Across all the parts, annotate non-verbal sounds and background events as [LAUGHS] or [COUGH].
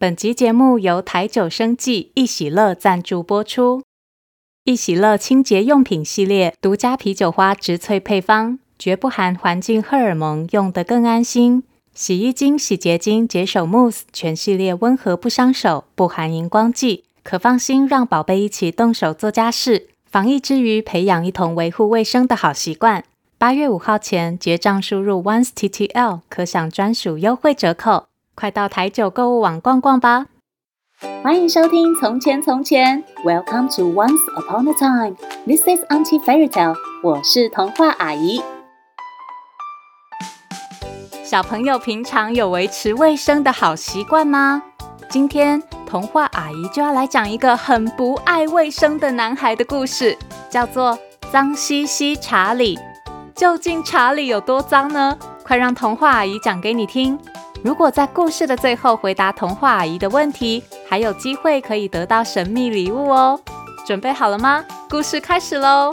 本集節目由台酒生技易洗樂贊助播出。易洗樂清潔用品系列獨家啤酒花植萃配方，絕不含環境荷爾蒙，用得更安心。洗衣精、洗潔精、潔手慕斯全系列溫和不傷手，不含熒光劑，可放心讓寶貝一起動手做家事。防疫之餘，培養一同維護衛生的好習慣。八月五號前結賬輸入 ONCE TTL，可享專屬優惠折扣。快到台酒購物網逛逛吧！歡迎收聽《從前從前》，Welcome to Once Upon a Time。This is Auntie Fairytale，我是童話阿姨。小朋友平常有維持衛生的好習慣嗎？今天童話阿姨就要來講一個很不愛衛生的男孩的故事，叫做《髒兮兮查理》。究竟查理有多髒呢？快讓童話阿姨講給你聽。如果在故事的最後回答童話阿姨的問題，還有機會可以得到神秘禮物哦！準備好了嗎？故事開始嘍！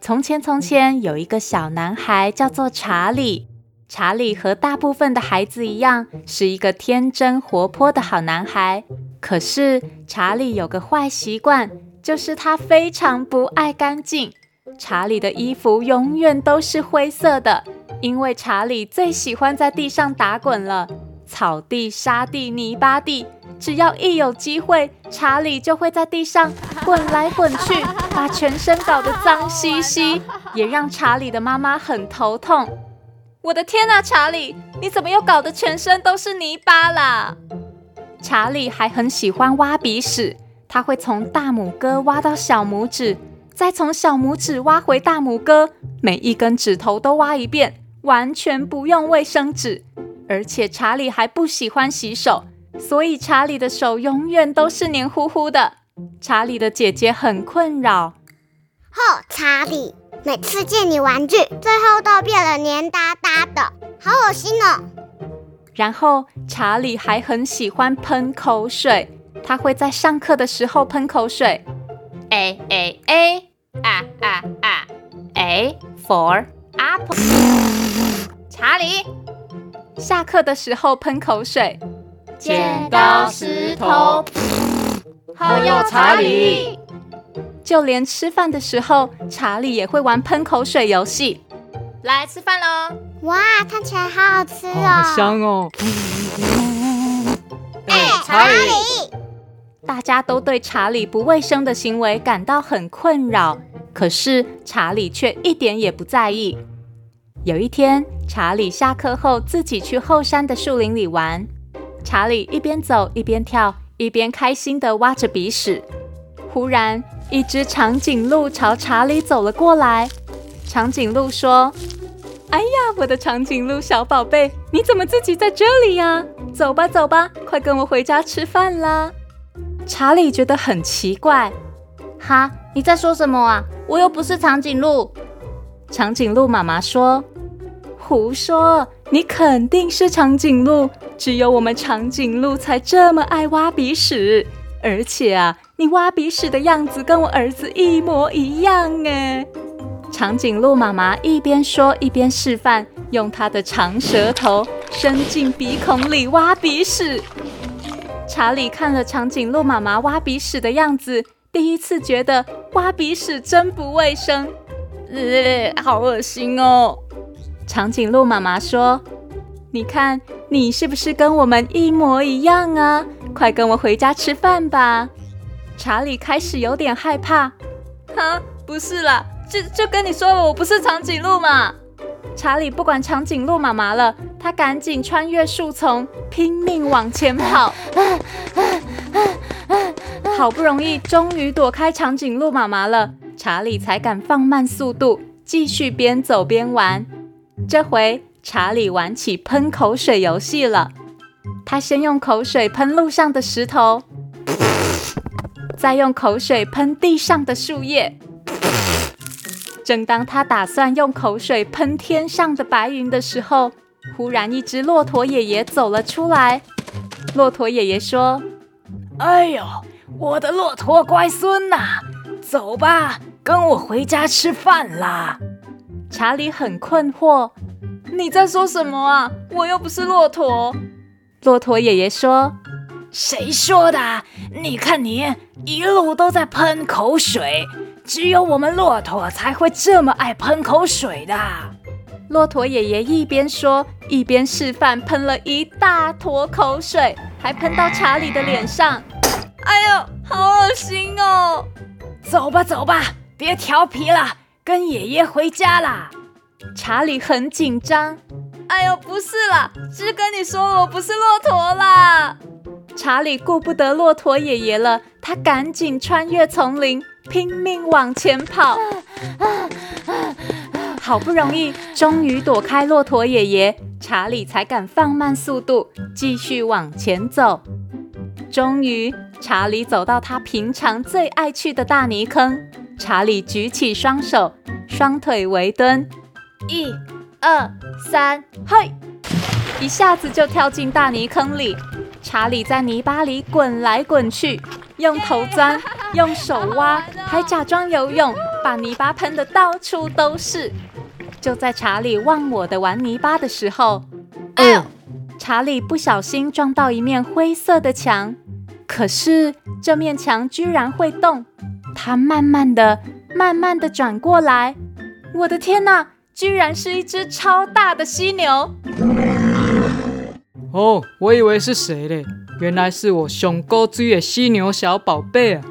從前，從前，從前有一個小男孩叫做查理。查理和大部分的孩子一樣，是一個天真活潑的好男孩。可是，查理有個壞習慣，就是他非常不愛乾淨。查理的衣服永遠都是灰色的，因為查理最喜歡在地上打滾了。草地、沙地、泥巴地，只要一有機會，查理就會在地上滾來滾去， [LAUGHS] 把全身搞得髒兮兮， [LAUGHS] 也讓查理的媽媽很頭痛。我的天啊，查理，你怎麼又搞得全身都是泥巴了？查理還很喜歡挖鼻屎，他會從大拇哥挖到小拇指。再從小拇指，挖回大拇哥，每一根指頭都挖一遍，完全不用衛生紙。而且查理還不喜歡洗手，所以查理的手永遠都是黏糊糊的。查理的姐姐很困擾，呵、哦，查理每次借你玩具，最後都變得黏噠噠的，好惡心哦。然後查理還很喜歡噴口水，他會在上課的時候噴口水，哎哎哎。哎哎啊啊啊 A for Apple 查理，下課的時候噴口水，剪刀石頭布，好噗有查理！就連吃飯的時候，查理也會玩噴口水遊戲。來吃飯嘍！哇，看起來好好吃哦，好香哦！哎，查理，查理，大家都對查理不衛生的行為感到很困擾。可是查理卻一點也不在意。有一天，查理下課後自己去後山的樹林裡玩。查理一邊走一邊跳，一邊開心地挖着鼻屎。忽然，一只長頸鹿朝查理走了過來。長頸鹿說：“哎呀，我的長頸鹿小寶貝，你怎麼自己在這裡呀？走吧，走吧，快跟我回家吃飯啦！”查理覺得很奇怪。哈，你在說什麼啊？我又不是長頸鹿。長頸鹿媽媽說：“胡說，你肯定是長頸鹿，只有我們長頸鹿才這麼愛挖鼻屎。而且啊，你挖鼻屎的樣子跟我兒子一模一樣。”哎，長頸鹿媽媽一邊說一邊示範，用它的長舌頭伸進鼻孔裡挖鼻屎。查理看了長頸鹿媽媽挖鼻屎的樣子。第一次覺得挖鼻屎真不衛生，呃，好噁心哦。長頸鹿媽媽說：“你看，你是不是跟我們一模一樣啊？快跟我回家吃飯吧。”查理開始有點害怕。啊，不是啦，就就跟你說，我不是長頸鹿嘛。查理不管長頸鹿媽媽了，他趕緊穿越樹叢，拼命往前跑。 [LAUGHS] 好不容易，終於躲開長頸鹿媽媽了，查理才敢放慢速度，繼續邊走邊玩。這回查理玩起噴口水遊戲了。他先用口水噴路上的石頭，再用口水噴地上的樹葉。正當他打算用口水噴天上的白雲的時候，忽然一隻駱駝爺爺走了出來。駱駝爺爺說：“哎呦！”我的駱駝乖孫吶，走吧，跟我回家吃飯啦！查理很困惑，你在說什麼啊？我又不是駱駝。駱駝爺爺說：“誰說的？你看你一路都在噴口水，只有我們駱駝才會這麼愛噴口水的。”駱駝爺爺一邊說，一邊示範噴了一大坨口水，還噴到查理的臉上。哎呦，好噁心哦！走吧，走吧，別調皮了，跟爺爺回家啦。查理很緊張。哎呦，不是啦，是跟你說我不是駱駝啦。查理顧不得駱駝爺爺了，他趕緊穿越叢林，拼命往前跑。 [LAUGHS] 好不容易，終於躲開駱駝爺爺，查理才敢放慢速度，繼續往前走。終於。查理走到他平常最愛去的大泥坑，查理舉起雙手，雙腿圍蹲，一、二、三，嘿，一下子就跳進大泥坑裡。查理在泥巴裡滾來滾去，用頭鑽，用手挖，還假裝游泳，把泥巴噴的到處都是。就在查理忘我的玩泥巴的時候，哎呦，查理不小心撞到一面灰色的牆。可是這面牆居然會動，它慢慢的、慢慢的轉過來，我的天哪，居然是一隻超大的犀牛！哦，我以為是誰嘞，原來是我雄赳赳的犀牛小寶貝啊！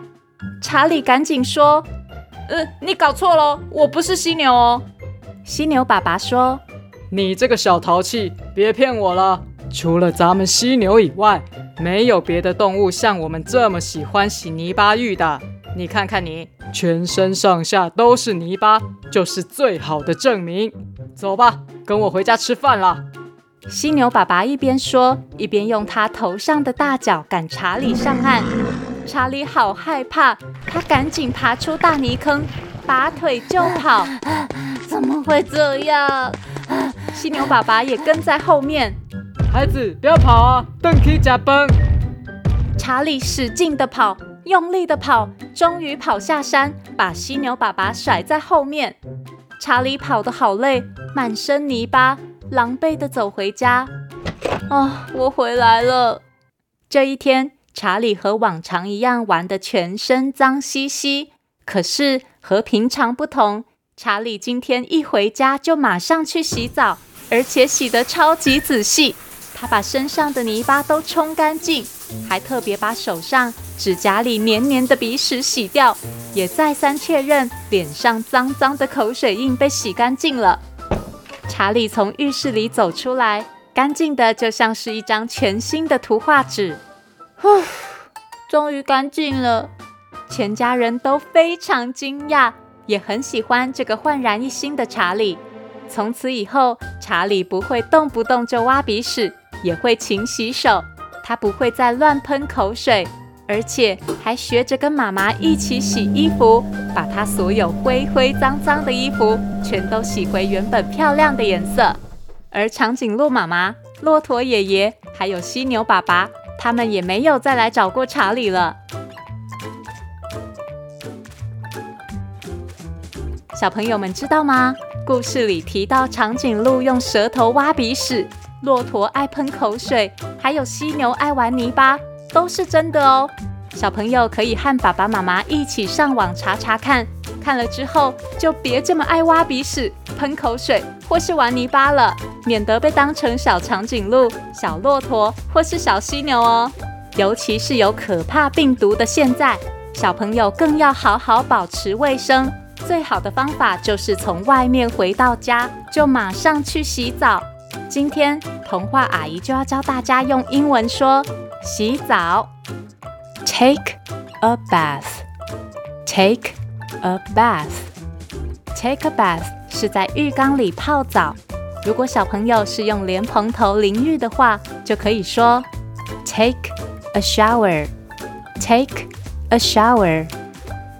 查理趕緊說：“嗯，你搞錯嘍，我不是犀牛哦。”犀牛爸爸說：“你這個小淘氣，別騙我了，除了咱們犀牛以外。”沒有別的動物像我們這麼喜歡洗泥巴浴的。你看看你，全身上下都是泥巴，就是最好的證明。走吧，跟我回家吃飯了。犀牛爸爸一邊說，一邊用他頭上的大角趕查理上岸。查理好害怕，他趕緊爬出大泥坑，拔腿就跑。怎麼會這樣？犀牛爸爸也跟在後面。孩子，不要跑啊！鄧肯假崩。查理使勁的跑，用力的跑，終於跑下山，把犀牛爸爸甩在後面。查理跑得好累，滿身泥巴，狼狽的走回家。啊、哦，我回來了。這一天，查理和往常一樣玩的全身髒兮兮。可是和平常不同，查理今天一回家就馬上去洗澡，而且洗得超級仔細。他把身上的泥巴都沖乾淨，還特別把手上指甲裡黏黏的鼻屎洗掉，也再三確認臉上髒髒的口水印被洗乾淨了。查理從浴室裡走出來，乾淨的就像是一張全新的圖畫紙。呼，終於乾淨了！全家人都非常驚訝，也很喜歡這個煥然一新的查理。從此以後，查理不會動不動就挖鼻屎。也會勤洗手，他不會再亂噴口水，而且還學着跟媽媽一起洗衣服，把他所有灰灰髒髒的衣服全都洗回原本漂亮的顏色。而長頸鹿媽媽、駱駝爺爺還有犀牛爸爸，他們也沒有再來找過查理了。小朋友們知道嗎？故事裡提到長頸鹿用舌頭挖鼻屎。駱駝愛噴口水，還有犀牛愛玩泥巴，都是真的哦。小朋友可以和爸爸媽媽一起上網查查看，看了之後就別這麼愛挖鼻屎、噴口水，或是玩泥巴了，免得被當成小長頸鹿、小駱駝或是小犀牛哦。尤其是有可怕病毒的現在，小朋友更要好好保持衛生。最好的方法就是從外面回到家就馬上去洗澡。今天童話阿姨就要教大家用英文說洗澡，take a bath，take a bath，take a bath 是在浴缸裡泡澡。如果小朋友是用蓮蓬頭淋浴的話，就可以說 take a shower，take a shower。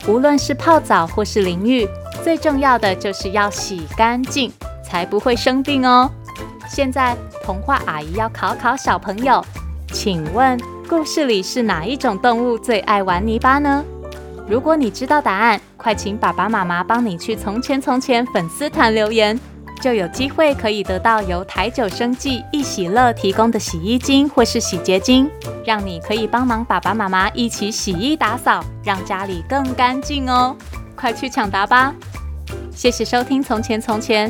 無論是泡澡或是淋浴，最重要的就是要洗乾淨，才不會生病哦。現在童話阿姨要考考小朋友，請問故事裡是哪一種動物最愛玩泥巴呢？如果你知道答案，快請爸爸媽媽幫你去《從前從前》粉絲團留言，就有機會可以得到由台酒生技易洗樂提供的洗衣精或是洗潔精，讓你可以幫忙爸爸媽媽一起洗衣打掃，讓家裡更乾淨哦！快去搶答吧！謝謝收聽《從前從前》。